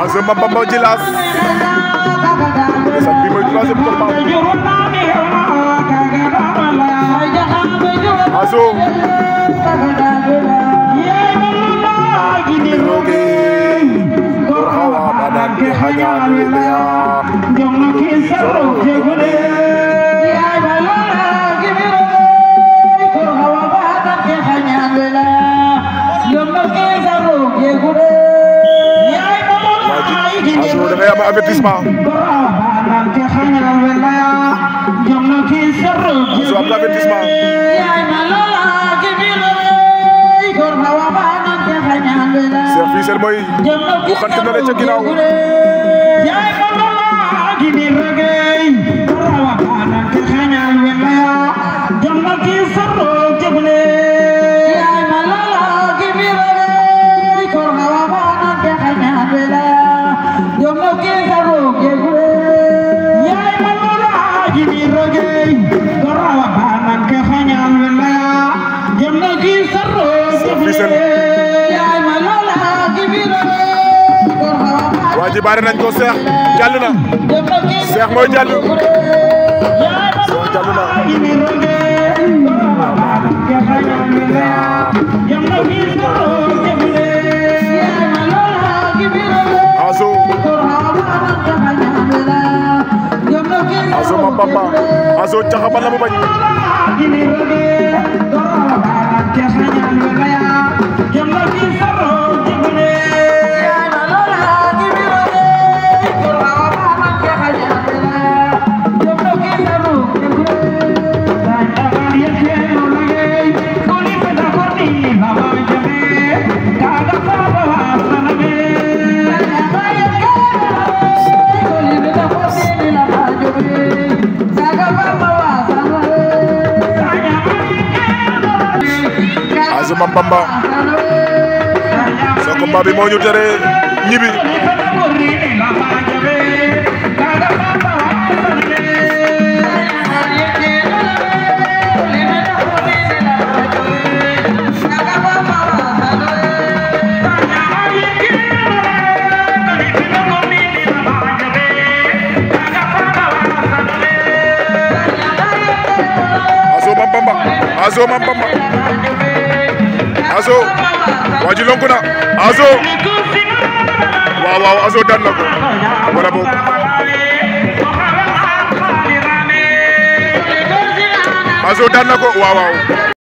Angeu Mame Bamba Djilass sax bi mooy troisième combat Angeu Mame Bamba Djilass na avertissement reçoit na avertissement Cheikh Fissel mooy bu xant na la ca ginnaaw jom na ki seen waa ji bari nañ ko Cheikh jàll na Cheikh mooy jàll Cheikh jàll na aso aso ma papa aso caxabal la mu bañ Ousmane Bamba sa combat bi moo ñu tere ñibi Azoma Bamba, Azoma Bamba. Azo waa ji lonku na Azo waaw waaw Azo daan na